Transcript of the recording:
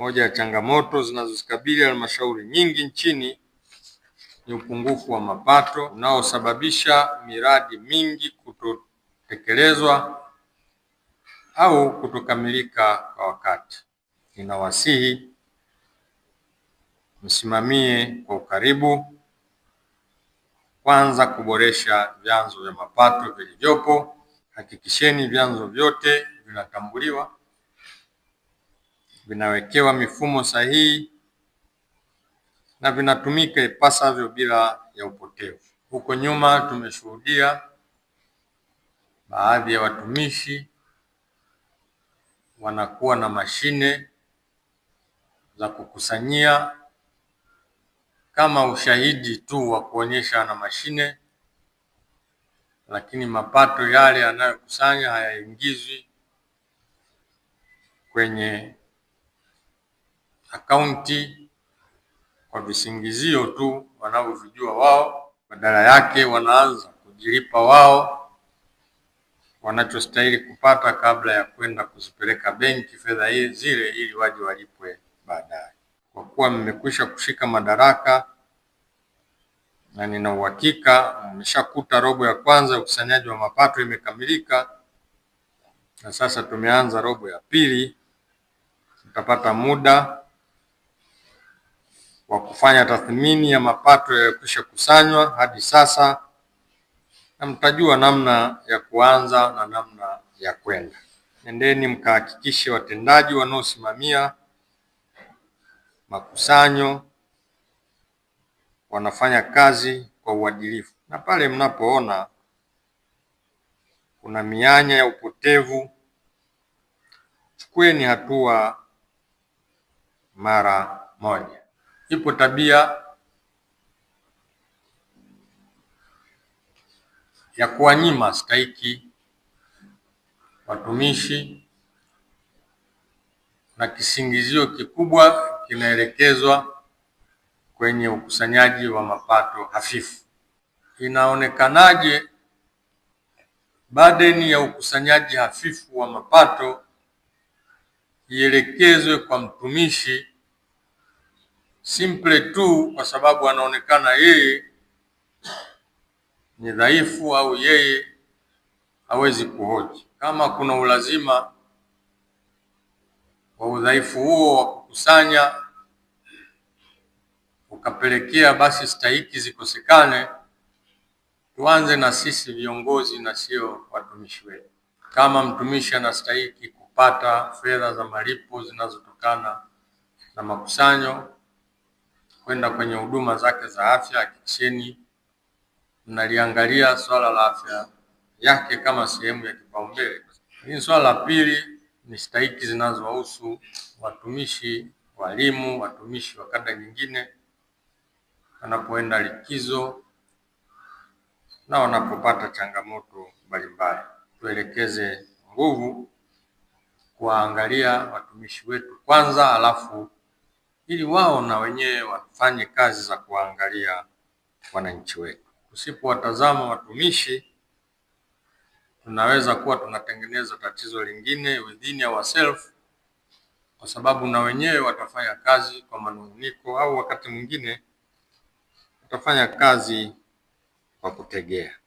Moja ya changamoto zinazozikabili halmashauri nyingi nchini ni upungufu wa mapato unaosababisha miradi mingi kutotekelezwa au kutokamilika kwa wakati. Ninawasihi msimamie kwa ukaribu kwanza kuboresha vyanzo vya mapato vilivyopo. Hakikisheni vyanzo vyote vinatambuliwa vinawekewa mifumo sahihi na vinatumika ipasavyo bila ya upotevu. Huko nyuma tumeshuhudia baadhi ya watumishi wanakuwa na mashine za kukusanyia kama ushahidi tu wa kuonyesha na mashine, lakini mapato yale yanayokusanya hayaingizwi kwenye akaunti kwa visingizio tu wanavyovijua wao, badala yake wanaanza kujilipa wao wanachostahili kupata kabla ya kwenda kuzipeleka benki fedha zile, ili waje walipwe baadaye. Kwa kuwa mmekwisha kushika madaraka na nina uhakika mmeshakuta robo ya kwanza ya ukusanyaji wa mapato imekamilika, na sasa tumeanza robo ya pili, tutapata muda wa kufanya tathmini ya mapato yaliyokwisha kusanywa hadi sasa na mtajua namna ya kuanza na namna ya kwenda. Nendeni mkahakikishe watendaji wanaosimamia makusanyo wanafanya kazi kwa uadilifu, na pale mnapoona kuna mianya ya upotevu, chukueni hatua mara moja ipo tabia ya kuwanyima stahiki watumishi na kisingizio kikubwa kinaelekezwa kwenye ukusanyaji wa mapato hafifu. Inaonekanaje badeni ya ukusanyaji hafifu wa mapato ielekezwe kwa mtumishi simple tu kwa sababu anaonekana yeye ni dhaifu au yeye hawezi kuhoji. Kama kuna ulazima wa udhaifu huo wa kukusanya ukapelekea basi stahiki zikosekane, tuanze na sisi viongozi na sio watumishi wetu. Kama mtumishi anastahiki kupata fedha za malipo zinazotokana na makusanyo kwenda kwenye huduma zake za afya, hakikisheni mnaliangalia swala la afya yake kama sehemu ya kipaumbele. Lakini swala la pili ni stahiki zinazohusu watumishi, walimu, watumishi wa kada nyingine wanapoenda likizo na wanapopata changamoto mbalimbali. Tuelekeze nguvu kuwaangalia watumishi wetu kwanza, halafu ili wao na wenyewe wafanye kazi za kuwaangalia wananchi wetu. Tusipowatazama watumishi, tunaweza kuwa tunatengeneza tatizo lingine within ourselves, kwa sababu na wenyewe watafanya kazi kwa manunguniko, au wakati mwingine watafanya kazi kwa kutegea.